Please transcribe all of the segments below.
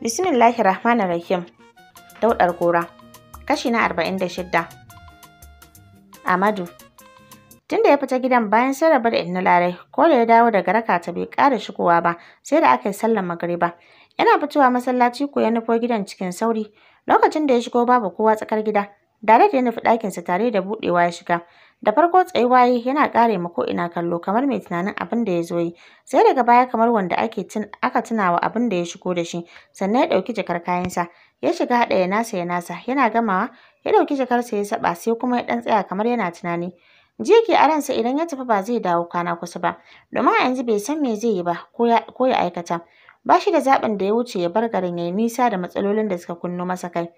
Bismillahir Rahmanir Rahim. Daudar gora. Kashi na 46. Amadu. Tunda ya fita gidan bayan sai rabar inna larai, ko da ya dawo daga raka ta bai ƙara shigowa ba, sai da aka yi sallar magriba. Yana fitowa masallaci ko ya nufo gidan cikin sauri. Lokacin da ya shigo babu kowa tsakar gida, da ya nufi ɗakinsa tare da buɗewa ya shiga. Da farko tsayuwa yi yana mu ma ina kallo kamar mai tunanin abin da ya zo yi, sai daga baya kamar wanda ake aka tunawa wa abin da ya shigo da shi, sannan ya ɗauki jakar kayansa, ya shiga haɗa ya nasa ya nasa, yana gamawa ya ɗauki jakarsa ya saɓa sai kuma ya ɗan tsaya kamar yana tunani. Jiya ke a ransa idan ya tafi ba zai dawo kwana kusa ba, domin a yanzu bai san me zai yi ba ko ya aikata. Ba shi da zaɓin da ya wuce ya bar garin ya yi nisa da matsalolin da suka kunno masa kai.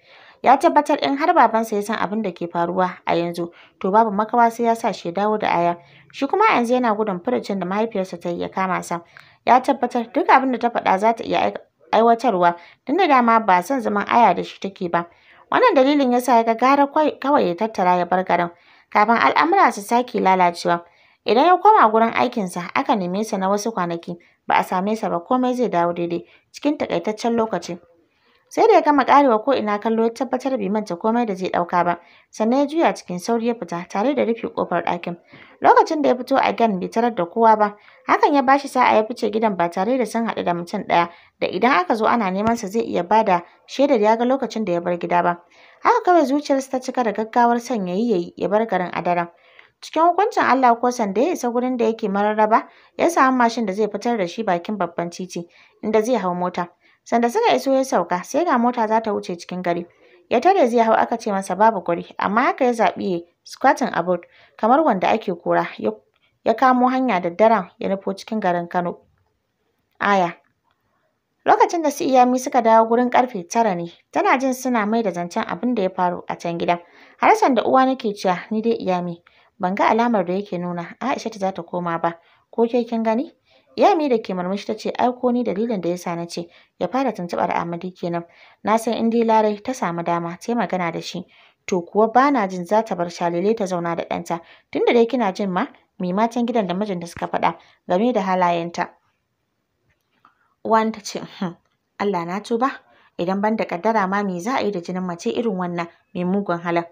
ya tabbatar in har babansa ya san abin da ke faruwa a yanzu to babu makawa sai ya sa shi ya dawo da aya shi kuma yanzu yana gudun furucin da mahaifiyarsa ta yi ya kama sa ya tabbatar duk abin da ta faɗa za ta iya aiwatarwa tun da dama ba son zaman aya da shi take ba wannan dalilin ya sa ya ga gara kawai ya tattara ya bar garin kafin al'amura su sake lalacewa idan ya koma gurin aikinsa aka neme sa na wasu kwanaki ba a same sa ba komai zai dawo daidai cikin takaitaccen lokaci sai da ya gama karewa ko ina kallo ya tabbatar bai manta komai da zai dauka ba sannan ya juya cikin sauri ya fita tare da rufe kofar ɗakin lokacin da ya fito a gan bai tarar da kowa ba hakan ya bashi sa'a ya fice gidan ba tare da sun haɗu da mutum ɗaya da idan aka zo ana neman sa zai iya bada shaidar ya ga lokacin da ya bar gida ba haka kawai zuciyarsa ta cika da gaggawar son yayi yi ya bar garin a daren cikin hukuncin Allah ko sanda ya isa gurin da yake mararraba ya samu mashin da zai fitar da shi bakin babban titi inda zai hau mota Sanda suka iso ya sauka sai ga mota za ta wuce cikin gari. Ya tare zai hau aka ce masa babu guri amma haka ya zaɓi squatting about kamar wanda ake kora ya kamo hanya da daren ya nufo cikin garin Kano. Aya Lokacin da su iyami suka dawo gurin karfe tara ne, tana jin suna mai da zancen abin da ya faru a can gida. Har sanda uwa nake cewa ni dai iyami, ban ga alamar da yake nuna Aisha ta za ta koma ba, ko ke kin gani? Yami da ke murmushi ta ce ai ni dalilin da ya sa na ce ya fara tuntuɓar Amadi kenan. Na san in dai Larai ta samu dama ta magana da shi. To kuwa ba na jin za ta bar shalele ta zauna da ɗanta. Tunda dai kina jin ma me matan gidan da mijinta suka faɗa game da halayenta. Uwan ta ce hm, Allah na tuba idan ban da kaddara ma me za a yi da jinin mace irin wannan mai mugun halin.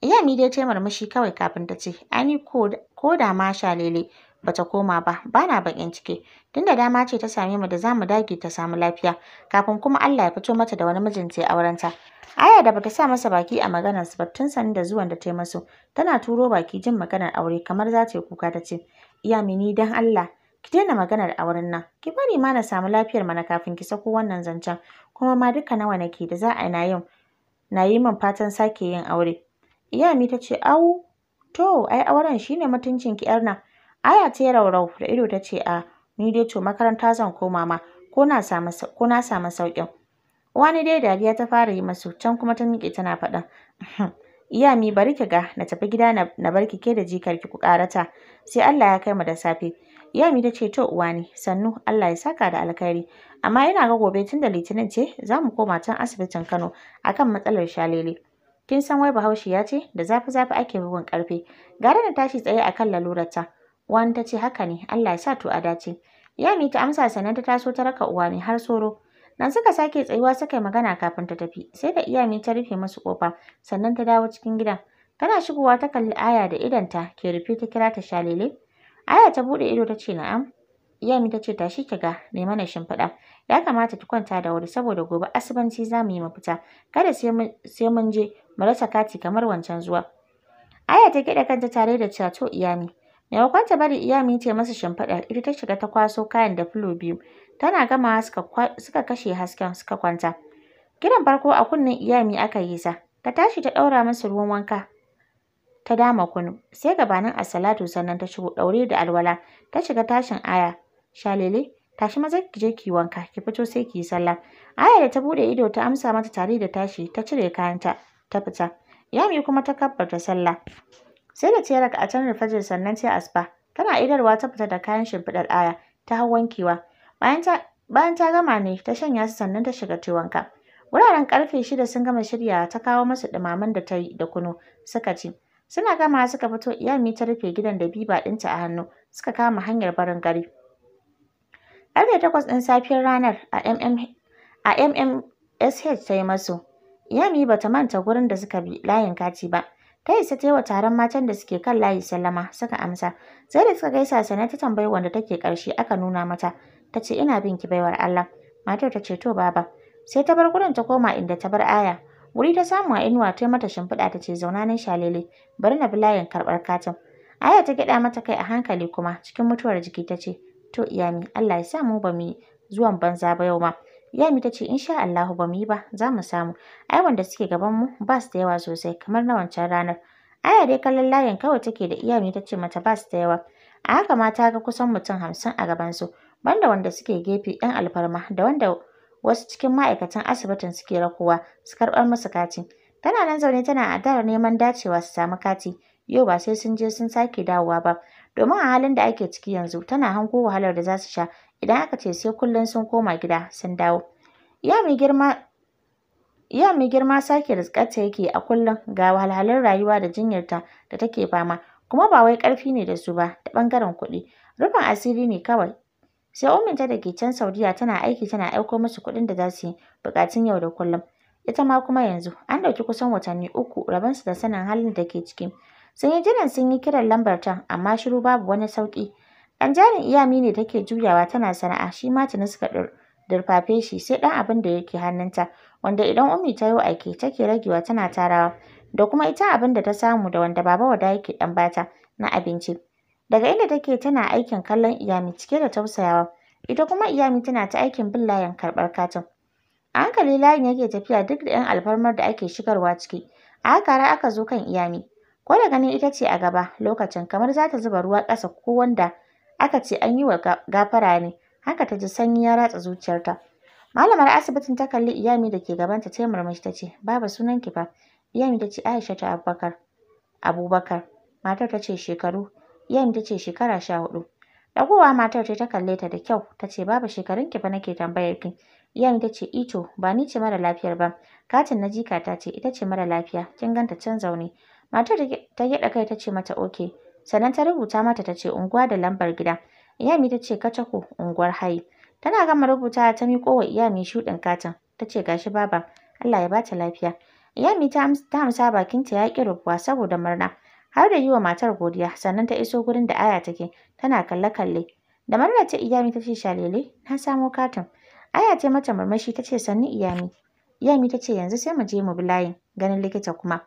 Yami dai ta murmushi kawai kafin ta ce ani ko da ma shalele bata koma ba bana bakin ciki tunda dama ce ta same mu da zamu dage ta samu lafiya kafin kuma Allah ya fito mata da wani mijinta ya auren ta Aya da bata sa masa baki a maganar su ba tun san da zuwan da ta yi masu tana turo baki jin maganar aure kamar za ta yi kuka ta ce iya mini dan Allah ki daina maganar auren nan ki bari ma na samu lafiyar mana kafin ki sako wannan zancen kuma ma duka nawa nake da za a na yau na yi min fatan sake yin aure Iyami ta ce au to ai auren shine mutuncin ki yar na Aya ta raurau da ido ta ce, “A, ah, ni dai to makaranta zan koma ma, ko na samu sauƙin.” Wani dai dariya ta fara yi masu, can kuma ta miƙe tana faɗan. “Iya mi bari ki ga, na tafi gida na bar ki ke da jikarki ku karata sai Allah ya kai mu da safe.” Iyami ta ce, “To uwani, sannu, Allah ya saka da alkhairi, amma ina ga gobe tun da Litinin ce za mu koma can asibitin Kano akan matsalar shalele. Kin san wai Bahaushe ya ce, da zafi-zafi ake bugun karfe. gara na tashi tsaye akan kan lalurarta. Wani ta ce haka ne, Allah ya sa to a dace. Yami ta amsa sannan ta taso ta raka uwa ne har soro. Nan suka sake tsayuwa suka yi magana kafin ta tafi, sai da iyami ta rufe musu kofa, sannan ta dawo cikin gidan. Kana shigowa ta kalli Aya da ta ke rufe ta kira ta shalele. Aya ta buɗe ido ta ce na'am. Iyami ta ce tashi ki ga ne mana shimfiɗa. Ya kamata ki kwanta da wuri saboda gobe asibanci za mu yi mafita. Kada sai mun je mu rasa kati kamar wancan zuwa. Aya ta kiɗa kanta tare da cato iyami. Maimakon ta bari Iyami ce masa shimfiɗa, ita ta shiga ta kwaso kayan da filo biyu. Tana gamawa suka, suka kashe hasken suka kwanta. Kiran farko a kunnen Iyami aka yi sa. Ta tashi ta ɗaura masa ruwan wanka. Ta dama kunu. Sai gabanin Asalatu sannan ta shigo ɗaure da alwala. Ta shiga tashin aya. Shalele, tashi maza ki je ki wanka, ki fito sai ki yi sallah. Aya da ta buɗe ido ta amsa mata tare da tashi, ta cire kayanta, ta fita. Yami kuma ta kabbarta sallah. Sai da ta a can rufajin sannan ta asba Tana idarwa ta fita da kayan shimfiɗar aya ta hau wankewa. Bayan ta gama ne ta shanya su sannan ta shiga ta wanka. Wuraren karfe shida sun gama shirya ta kawo masu ɗumamen da ta yi da kunu suka ci. Suna gama suka fito iyami ta rufe gidan da biba ɗinta a hannu suka kama hanyar barin gari. Ƙarfe takwas ɗin safiyar ranar a MM a MMSH ta yi masu. Iyami ba ta manta gurin da suka bi layin kati ba. Ta isa ta yi wa taron matan da suke kan layi sallama suka amsa. Sai da suka gaisa sannan ta tambayi wanda take ƙarshe aka nuna mata. Ta ce ina bin ki baiwar Allah. Matar ta ce to baba. Sai ta bar gurin ta koma inda ta bar aya. Wuri ta samu a inuwa ta mata shimfiɗa ta ce zauna nan shalele bari na bi layin karɓar katin. Aya ta gyaɗa mata kai a hankali kuma cikin mutuwar jiki ta ce to iyami Allah ya sa mu ba mu zuwan banza ba yau ma. Yami ta ce insha Allahu ba mu yi ba za mu samu. Ai wanda suke gaban mu ba su da yawa sosai kamar na wancan ranar. Aya dai kallon layin kawai take da iyami ta ce mata ba su da yawa. A haka ma ta ga kusan mutum hamsin a gabansu banda wanda suke gefe ɗan alfarma da wanda wasu cikin ma'aikatan asibitin suke rakowa su karɓar musu kati. Tana nan zaune tana adara neman dacewa su samu kati. Yau ba sai sun je sun sake dawowa ba. domin a halin da ake ciki yanzu tana hanko wahalar da za su sha idan aka ce sai kullum sun koma gida sun dawo ya mai girma ya mai girma sake rizkarta yake a kullum ga wahalhalun rayuwa da jinyarta da take fama kuma ba wai karfi ne da su ba ta bangaren kuɗi rufin asiri ne kawai sai uminta da ke can saudiya tana aiki tana aiko musu kuɗin da za su yi buƙatun yau da kullum ita ma kuma yanzu an ɗauki kusan watanni uku rabonsu da sanin halin da ke ciki sun yi jiran sun yi kiran lambar amma shiru babu wani sauƙi Ƙanjarin Iyami ne take juyawa tana sana'a, shi ma tuni suka durfafe shi sai ɗan abin da yake hannunta, wanda idan Ummi ta yi aiki take ragewa tana tarawa, da kuma ita abin da ta samu da wanda Baba Wada yake ɗan bata na abinci. Daga inda take tana aikin kallon Iyami cike da tausayawa, ita kuma Iyami tana ta aikin bin layin karɓar katin. A hankali layin yake tafiya duk da 'yan alfarmar da ake shigarwa ciki, a haka aka zo kan Iyami. Ko da ganin ita ce a gaba lokacin kamar za ta zuba ruwa ƙasa ko wanda aka ce an yi wa gafara ne haka ta ji sanyi ya ratsa zuciyarta malamar asibitin ta kalli iyami da ke gabanta ta murmushi ta ce babu sunan ki iyami ta ce aisha ta abubakar abubakar matar ta ce shekaru iyami ta ce shekara sha hudu Ɗagowa matar ce ta kalle ta da kyau ta ce babu shekarun ki fa nake tambayar ki. iyami ta ce ito ba ni ce mara lafiyar ba. Katin na jika ta ce ita ce mara lafiya kin ganta can zaune. Matar ta gyaɗa kai ta ce mata oke sannan ta rubuta mata ta ce unguwa da lambar gida iyami ta ce kacako unguwar hayi tana gama rubuta ta miƙo wa iyami shuɗin katin ta ce gashi baba Allah ya bata lafiya iyami ta amsa bakinta ya ƙi rubuwa saboda murna har da yi wa matar godiya sannan ta iso gurin da aya take tana kalle-kalle da murna ta iyami ta ce shalele na samo katin aya ta mata murmushi ta ce sannu iyami iyami ta ce yanzu sai mu je mu bi layin ganin likita kuma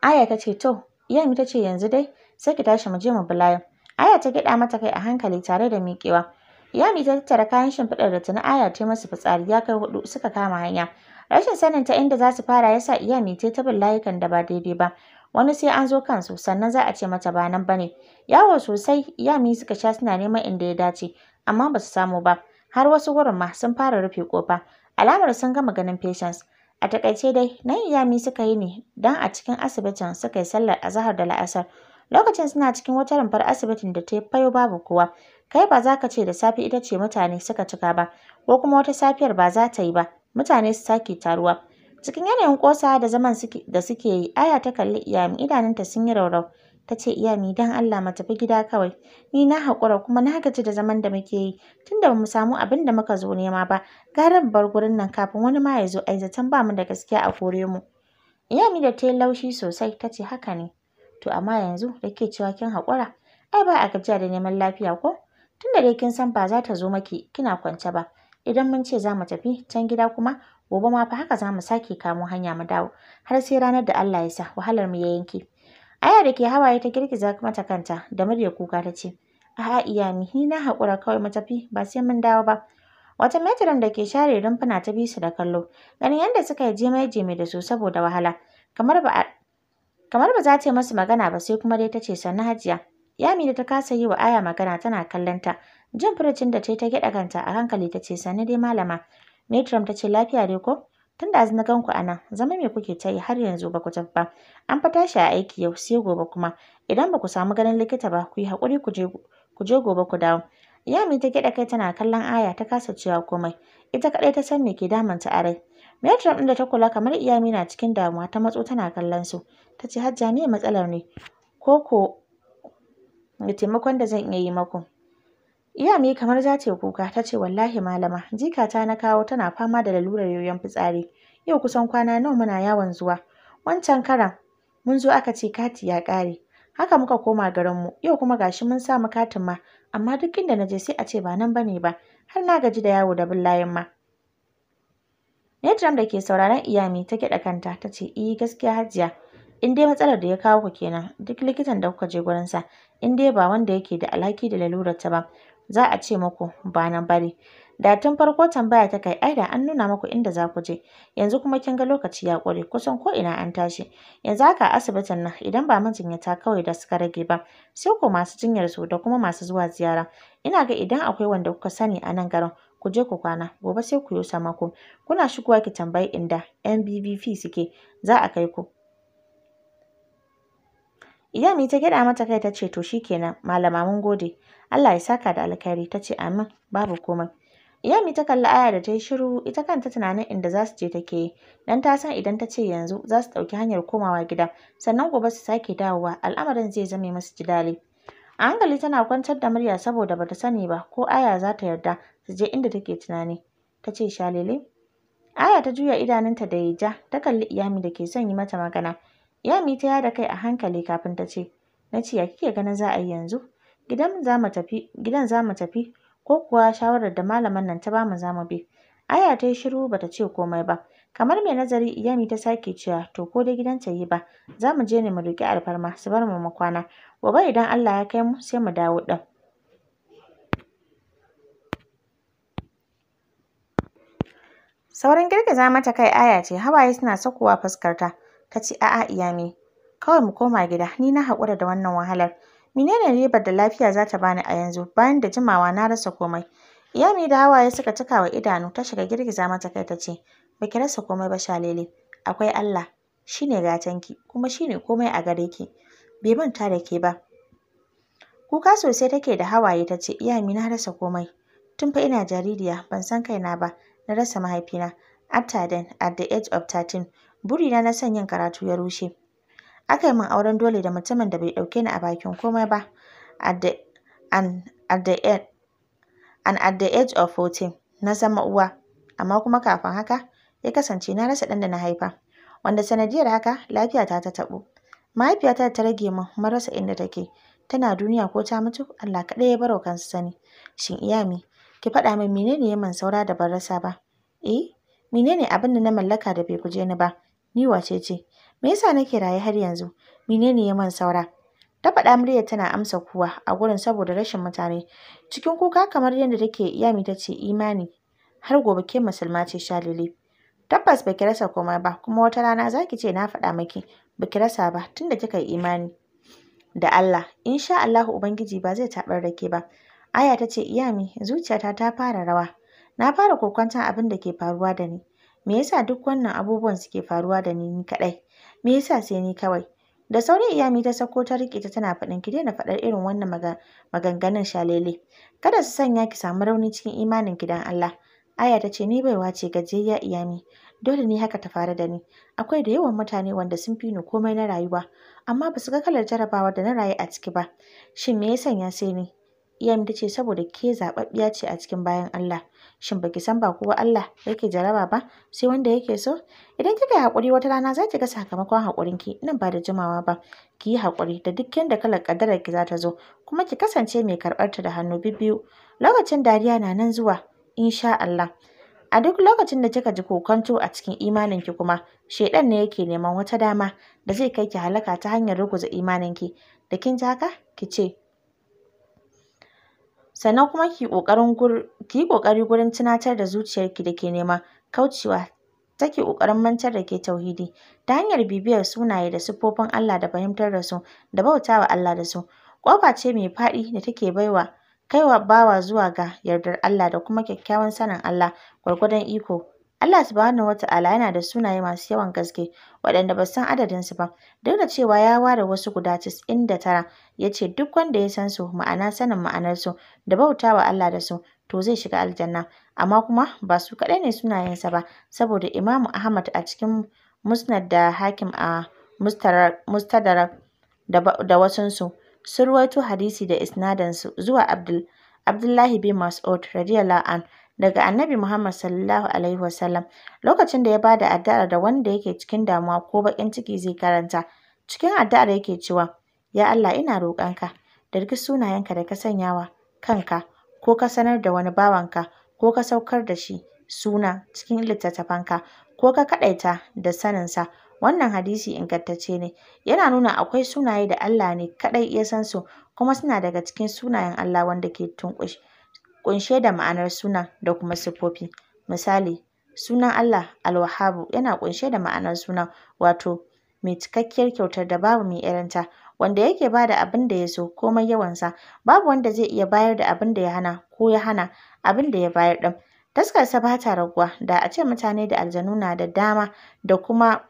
aya ta ce to Iyami ta ce yanzu dai sai ki tashi mu je mu bi layin. Aya ta gyaɗa mata kai a hankali tare da miƙewa. Iyami ta tattara kayan shimfiɗar da tuni Aya ta masu fitsari ya kai huɗu suka kama hanya. Rashin sanin ta inda za su fara ya sa Iyami ta ta bin layukan da ba daidai ba. Wani sai an zo kansu sannan za a ce mata ba nan ba ne. Yawo sosai Iyami suka sha suna neman inda ya dace amma ba su samu ba. Har wasu wurin ma sun fara rufe ƙofa. Alamar sun gama ganin patience. A takaice dai, nan iyami suka yi ne don a cikin asibitin suka yi sallar azahar da la'asar. Lokacin suna cikin wata rumfar asibitin da ta yi fayo babu kowa. Kai ba za ka ce da safe ita ce mutane suka cika ba, ko kuma wata safiyar ba za ta yi ba, mutane su sake taruwa. Cikin yanayin ƙosa da zaman da suke yi, Aya ta kalli iyami idanunta sun yi raurau. ta ce iyami don Allah mu tafi gida kawai ni na haƙura kuma na gaji da zaman da muke yi tunda ba mu samu abin da muka zo nema ba gara mu bar gurin nan kafin wani ma ya zo ai zaton ba mu da gaskiya a kore mu iyami da ta yi laushi sosai ta ce haka ne to amma yanzu da ke cewa kin haƙura ai ba a gajiya da neman lafiya ko tunda dai kin san ba za ta zo maki kina kwance ba idan mun ce za mu tafi can gida kuma gobe ma fa haka za mu sake kamo hanya mu dawo har sai ranar da Allah ya sa wahalar mu ya yanke Aya da ke hawaye ta girgiza mata kanta da murya kuka ta ce, A'a iya ni na haƙura kawai mu tafi ba sai mun dawo ba. Wata metron da ke share rumfuna ta bi su da kallo, ganin yadda suka yi jeme-jeme da su saboda wahala, kamar ba kamar ba za ta yi masu magana ba sai kuma dai ta ce sannu hajiya. Yami da ta kasa yi wa Aya magana tana kallon ta, jin furucin da ta yi ta gyaɗa kanta a hankali ta ce sannu dai malama. Metron ta ce lafiya dai ko? Tun da na gan ku a nan, zama me kuke ta yi har yanzu ba ku tafi ba? An fa tashi a aiki yau sai gobe kuma. Idan ba ku samu ganin likita ba, ku yi haƙuri ku je gobe ku dawo. Yami ta gyaɗa kai tana kallon Aya ta kasa cewa komai. Ita kaɗai ta san me ke damunta a rai. Metron ɗin da ta kula kamar Iyami na cikin damuwa ta matso tana kallon su. Ta ce Hajja me matsalar ne? Ko ko taimakon da zan iya yi maku? Iyami kamar za ta yi kuka ta ce wallahi malama jikata na kawo tana fama da lalurar yoyon fitsari yau kusan kwana nawa muna yawon zuwa wancan karan mun zo aka ce kati ya kare haka muka koma garinmu yau kuma gashi mun samu katin ma amma duk inda naje sai a ce ba nan bane ba har na gaji da yawo da bin ma Yadram da ke sauraron iyami ta kiɗa kanta ta ce eh gaskiya hajiya in dai matsalar da ya kawo ku kenan duk likitan da kuka je gurinsa in dai ba wanda yake da alhaki da lalurar ta ba za a ce muku ba bari. Da tun farko tambaya ta kai ai da an nuna muku inda za ku je. Yanzu kuma kin ga lokaci ya ƙure kusan ko ina an tashi. Yanzu haka a asibitin nan idan ba majinyata kawai da suka rage ba sai ko masu jinyar su da kuma masu zuwa ziyara. Ina ga idan akwai wanda kuka sani a nan garin ku je ku kwana gobe sai ku yo maku. Kuna shigowa ki tambayi inda NBBP suke za a kai ku. Iyami ta gyaɗa mata kai ta ce to shikenan malama mun gode. Allah ya saka da alkhairi ta ce amin babu komai. Iyami ta kalli Aya da ta yi shiru ita kanta tunanin inda za su je take yi dan ta san idan ta ce yanzu za su ɗauki hanyar komawa gida sannan gobe su sake dawowa al'amarin zai zame masu jidali. A hankali tana kwantar da murya saboda bata sani ba ko Aya za ta yarda su je inda take tunani. Ta ce shalele. Aya ta juya idanunta da ya ja ta kalli Iyami da ke son yi mata magana. Yami ta yada kai a hankali kafin ta ce, na ce ya kike ganin za a yi yanzu? Gidan za mu tafi, gidan za mu tafi ko kuwa shawarar da malaman nan ta ba mu za mu bi. Aya ta yi shiru bata ce komai ba. Kamar mai nazari Yami ta sake cewa to ko dai gidan ta yi ba, za mu je ne mu roki alfarma su bar mu mu kwana. Gobe idan Allah ya kai mu sai mu dawo din. Sauran girgiza mata kai aya ce hawaye suna sakowa fuskarta. ta ce a'a iyami kawai mu koma gida ni na haƙura da wannan wahalar menene ribar da lafiya za ta bani a yanzu bayan da jimawa na rasa komai iyami da hawaye suka cika wa idanu ta shiga girgiza mata kai ta ce Baki rasa komai ba shalele akwai Allah shine gatanki kuma shine komai a gare ki bai manta da ke ba kuka sosai take da hawaye ta ce iyami na rasa komai tun fa ina jaririya ban san kaina ba na rasa mahaifina after then at the age of 13 Burina na son yin karatu ya rushe. Aka yi min auren dole da mutumin da bai ɗauke ni a bakin komai ba. E, an at the age of 14, na zama uwa. Amma kuma kafin haka, ya kasance na rasa ɗan da na haifa. Wanda sanadiyar haka, lafiyata ta taɓo? Mahaifiyata ta rage min marasa inda take. Tana duniya ko ta mutu, Allah kaɗai ya barwa kansa sani. Shin iya iyami, ki faɗa min menene ya min saura da ban rasa ba? Eh, menene abin da na mallaka da bai guje ni ba? Ni wace ce? Me yasa nake raye har yanzu? Menene ya man saura? Ta faɗa murya tana amsa kuwa a gurin saboda rashin mutane. Cikin kuka kamar yadda take Iyami ta ce imani har gobe ke musulma ce shalili. Tabbas ba ki rasa komai ba kuma wata rana za ki ce na faɗa maki ba ki rasa ba tunda kika yi imani. Da Allah insha Allahu Ubangiji ba zai taɓar da ke ba. Aya ta ce Iyami zuciyata ta fara rawa. Na fara kokwantan abin da ke faruwa da ni. Me yasa duk wannan abubuwan suke faruwa da ni kaɗai? Me yasa sai ni kawai? Da sauri Iyami ta sako ta riƙe ta tana faɗin ki daina faɗar irin wannan maga maganganun shalele. Kada su sanya ki samu rauni cikin imanin gidan Allah. Aya ta ce ni baiwa ce gajiyayya Iyami. Dole ne haka ta faru da ni. Akwai da yawan mutane wanda sun fi ni komai na rayuwa, amma ba su ga kalar jarabawar da na rayu a ciki ba. Shin me ya sanya sai ni? Iyam ta ce saboda ke zaɓaɓɓiya ce a cikin bayan Allah. Shin baki san ba kowa Allah yake jaraba ba sai wanda yake so? Idan kika yi haƙuri wata rana za ki ga sakamakon haƙurinki nan ba da jimawa ba. Ki yi haƙuri da duk da kalar ƙaddarar ki za ta zo kuma ki kasance mai karɓar ta da hannu bibbiyu. Lokacin dariya na nan zuwa insha Allah. A duk lokacin da kika ji kokonto a cikin imaninki kuma shaiɗan ne yake neman wata dama da zai kai ki halaka ta hanyar ruguza imaninki. Da kin ji haka ki ce sannan kuma ki ƙoƙarin ki yi ƙoƙari gurin tunatar da zuciyarki da ke nema kaucewa take ƙoƙarin mantar da ke tauhidi ta hanyar bibiyar sunaye da siffofin Allah da fahimtar da su da bautawa Allah da su ƙofa ce mai faɗi da take baiwa kaiwa bawa zuwa ga yardar Allah da kuma kyakkyawan sanin Allah gwargwadon iko Allah subhanahu wata'ala yana da sunaye masu yawan gaske waɗanda ba san adadinsu ba, duk da cewa ya ware wasu guda casa'in da tara ya ce duk wanda ya san su ma'ana sanin ma'anarsu da bauta wa Allah da su to zai shiga aljanna, amma kuma ba su kaɗai ne sunayensa ba saboda Imamu Ahmad a cikin Musnad da Hakim a Mustadrak da wasunsu su, ruwaito hadisi da isnadinsu zuwa Abdullahi bin Mas'ud radiyallahu anhu daga Annabi Muhammad sallallahu alaihi wasallam lokacin da ya bada addu'ar da wanda yake cikin damuwa ko baƙin ciki zai karanta cikin addu'ar yake cewa ya Allah ina roƙonka da duk sunayenka da ka sanyawa kanka ko ka sanar da wani bawanka ko ka saukar da shi suna cikin littattafanka ko ka kaɗaita da saninsa wannan hadisi ingantacce ne yana nuna akwai sunaye da Allah ne kaɗai ya san su kuma suna daga cikin sunayen Allah wanda ke tunƙushi. ƙunshe da ma'anar suna da kuma siffofi. Misali, sunan Allah Al-Wahhabu yana ƙunshe da ma'anar suna wato Mai Cikakkiyar Kyautar da Babu Mai Irinta, wanda yake ba da abin da ya so komai yawansa, babu wanda zai iya bayar da abin da ya hana ko ya hana abin da ya bayar ɗin. Taskarsa ba ta raguwa, da a ce mutane da aljanu na da dama da kuma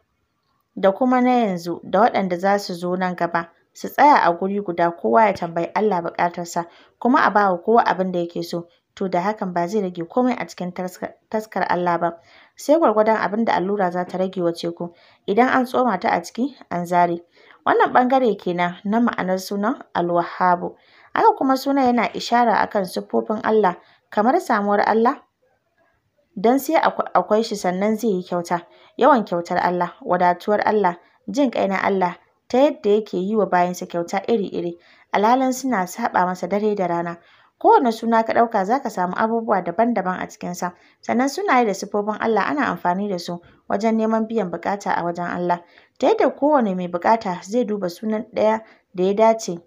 da kuma na yanzu da waɗanda za su zo nan gaba. su tsaya a guri guda kowa ya tambayi Allah buƙatarsa kuma a bawa kowa abin da yake so to da hakan ba zai rage komai a cikin taskar Allah ba sai gwargwadon abin da allura za ta rage wa ceku idan an tsoma ta a ciki an zare wannan bangare kenan na ma'anar sunan alwahabu haka kuma suna yana ishara akan siffofin Allah kamar samuwar Allah don sai akwai shi sannan zai yi kyauta yawan kyautar Allah wadatuwar Allah jin ƙai na Allah ta yadda yake yi wa bayansa kyauta iri-iri, alalan suna saɓa masa dare da rana. Kowane suna ka ɗauka za ka samu abubuwa daban-daban a cikinsa, sannan suna yi da sifofin Allah ana amfani da su wajen neman biyan bukata a wajen Allah, ta yadda kowane mai bukata zai duba sunan ɗaya da ya dace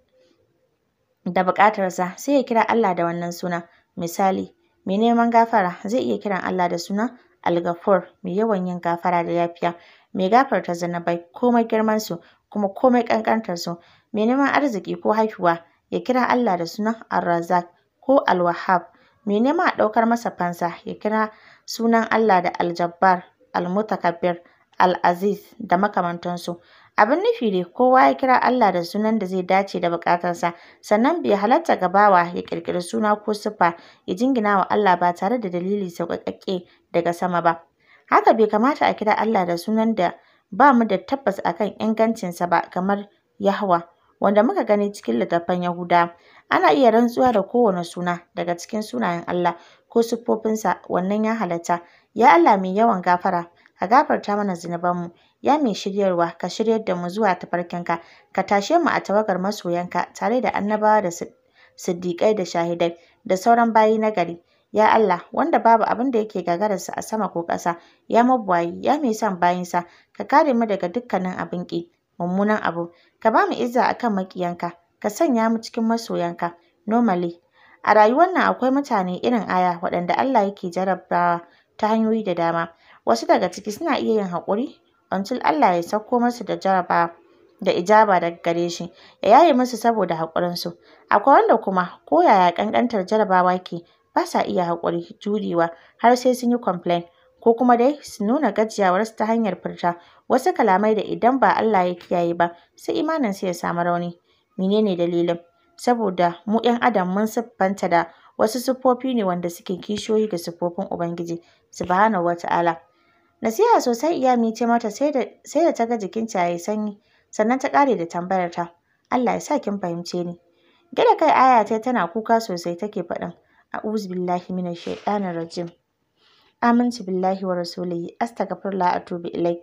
da bukatarsa sai ya kira Allah da wannan suna. Misali, mai neman gafara zai iya kiran Allah da suna algafur mai yawan yin gafara da yafiya, mai gafarta zanabai komai su. kuma komai ƙanƙantar su mai neman arziki ko haihuwa ya kira Allah da sunan Ar-Razzaq ko Al-Wahhab mai neman a ɗaukar masa fansa ya kira sunan Allah da Al-Jabbar Al-Mutakabbir Al-Aziz da makamantansu abin nufi ne kowa ya kira Allah da sunan da zai dace da bukatarsa sannan bai halatta gabawa ya kirkiri suna ko siffa ya jingina wa Allah ba tare da dalili sauƙaƙƙe daga sama ba haka bai kamata a kira Allah da sunan da ba mu da tabbas a kan ingancinsa ba kamar Yahwa, wanda muka gani cikin littattafan Yahuda. Ana iya rantsuwa da kowane suna daga cikin sunayen Allah ko siffofinsa, wannan ya halatta. Ya Allah mai yawan gafara, ka gafarta mana zunubanmu. Ya mai shiryarwa, ka shiryar da mu zuwa tafarkinka. Ka tashe mu a tawagar masoyanka tare da annabawa da siddiƙai da shahidai da sauran bayi na gari. Ya Allah, wanda babu abin da yake gagararsa a sama ko ƙasa, ya mabwayi ya mai son bayinsa, ka kare mu daga dukkanin abin ƙi, mummunan abu, ka ba mu izza a kan maƙiyanka, ka sanya mu cikin masoyanka, normally. A rayuwar nan akwai mutane irin Aya waɗanda Allah yake jarabawa ta hanyoyi da dama. Wasu daga ciki suna iya yin haƙuri until Allah ya sauko musu da jaraba da ijaba daga gare shi, ya yaye musu saboda haƙurinsu. Akwai wanda kuma ko yaya ƙanƙantar jarabawa ke ba sa iya haƙuri, jurewa har sai sun yi complain ko kuma dai su nuna gajiyawar su ta hanyar furta wasu kalamai da idan ba Allah ya kiyaye ba sai imanin su ya samu rauni. Menene dalilin? Saboda mu ‘yan adam mun siffanta da wasu siffofi ne wanda suke kishiyoyi ga siffofin Ubangiji subhanahu wa ta'ala. Nasiha sosai mi ce mata sai da ta ga jikinta ya yi sanyi sannan ta ƙare da tambayar ta. Allah ya sa kin fahimce ni. Gida kai aya tana kuka sosai take faɗin. a'udhu billahi minash rajim Aminci billahi wa rasulihi astaghfirullah atubu ilaik